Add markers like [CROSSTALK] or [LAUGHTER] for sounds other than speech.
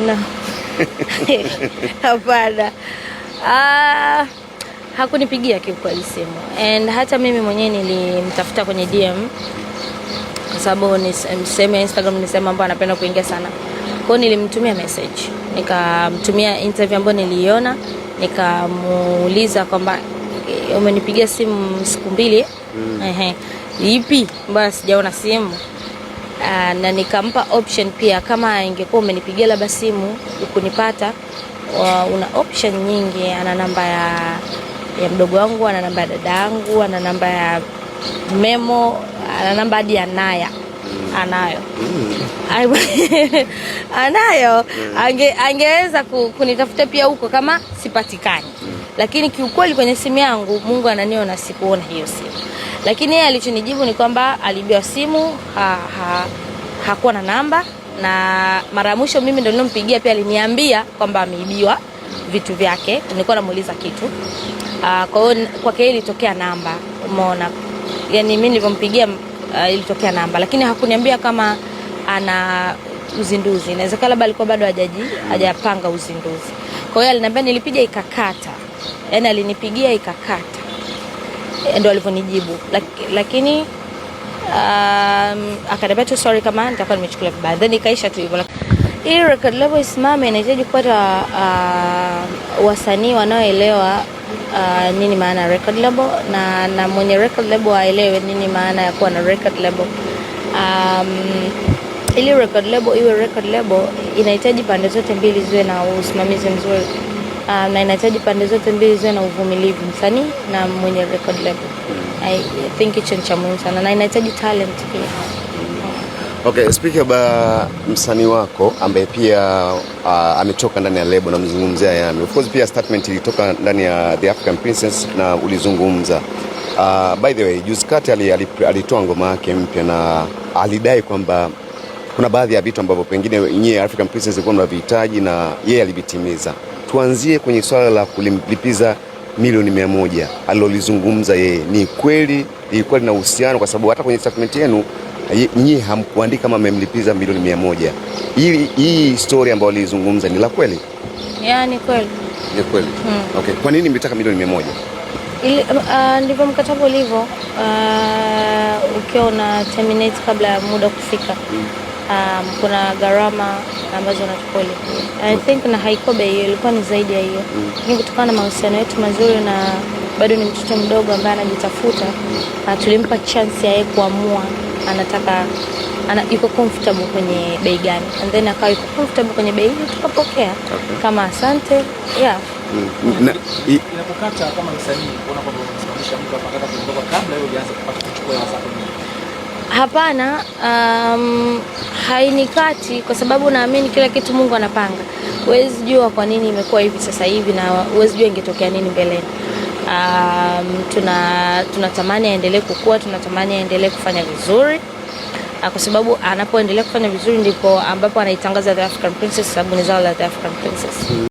no. [LAUGHS] Hapana. Ah, hakunipigia kiukweli simu and hata mimi mwenyewe nilimtafuta kwenye DM kwa sababu ni sehemu ya Instagram, ni sehemu ambayo anapenda kuingia sana. Kwao nilimtumia message, nikamtumia interview ambayo niliiona, nikamuuliza kwamba eh, umenipigia simu siku mbili mm. Ehe, ipi Mbona sijaona simu Aa, ah, na nikampa option pia, kama ingekuwa umenipigia labda simu ukunipata, una option nyingi. Ana namba ya, ya mdogo wangu, ana namba ya dada yangu, ana namba ya memo, ana namba hadi ya Naya anayo [LAUGHS] anayo. Ange, angeweza kunitafuta pia huko kama sipatikani, lakini kiukweli kwenye simu yangu Mungu ananiona, sikuona hiyo simu lakini yeye alichonijibu ni kwamba alibiwa simu ha, ha, hakuwa na namba, na mara ya mwisho mimi ndio nilimpigia, pia aliniambia kwamba ameibiwa vitu vyake. Nilikuwa namuuliza kitu uh, kwa hiyo kwake ilitokea namba, umeona yani mimi nilivyompigia uh, ilitokea namba, lakini hakuniambia kama ana uzinduzi. Inawezekana labda alikuwa bado hajaji hajapanga uzinduzi. Kwa hiyo aliniambia nilipiga ikakata, yani alinipigia ikakata ndio alivyonijibu, lakini um, akaniambia tu sorry kama nitakuwa nimechukulia vibaya, then ikaisha tu hivyo. Ili record label isimame, inahitaji kupata uh, wasanii wanaoelewa uh, nini maana ya record label na, na mwenye record label aelewe nini maana ya kuwa na record label um, ili record label iwe record label inahitaji pande zote mbili ziwe na usimamizi mzuri um, na inahitaji pande zote mbili ziwe na uvumilivu, msanii na mwenye record label. Mm. I think hicho ni cha muhimu sana na inahitaji talent pia. Mm. Okay, speak about msanii wako ambaye pia uh, ametoka ndani ya lebo, na mzungumzia yani. Of course pia statement ilitoka ndani ya The African Princess na ulizungumza uh, by the way juzi kati alitoa ngoma yake mpya na alidai kwamba kuna baadhi ya vitu ambavyo pengine nyie African Princess ilikuwa mnavihitaji na yeye alivitimiza tuanzie kwenye swala la kulipiza milioni mia moja alilolizungumza yeye, ni kweli ilikuwa lina uhusiano? Kwa sababu hata kwenye statement yenu nyie hamkuandika kama amemlipiza milioni mia moja. Hii story ambayo alizungumza ni la kweli? Yeah, ni kweli. Ni kweli. Hmm. Okay. Kwa nini mlitaka milioni mia moja? Uh, ndivyo mkataba ulivyo, uh, ukiwa una terminate kabla ya muda kufika. Hmm um, kuna gharama ambazo unatakiwa ulipie. I think na haiko bei hiyo, ilikuwa ni zaidi ya hiyo, mm. lakini kutokana na mahusiano yetu mazuri na bado ni mtoto mdogo ambaye anajitafuta, tulimpa chance ya yeye kuamua anataka ana, yuko comfortable kwenye bei gani, and then akawa yuko comfortable kwenye bei hiyo, tukapokea okay. Kama asante yeah. Mm. Na inapokata kama msanii unaona kwamba unamsimamisha mtu apakata kuondoka kabla yeye hajaanza kupata kuchukua Hapana, um, hainikati kwa sababu naamini kila kitu Mungu anapanga. Huwezi jua kwa nini imekuwa hivi sasa hivi na huwezi jua ingetokea nini mbeleni. Um, tuna tunatamani aendelee kukua, tunatamani aendelee kufanya vizuri ah, kwa sababu anapoendelea kufanya vizuri ndipo ambapo anaitangaza The African Princess, sababu ni zao la The African Princess.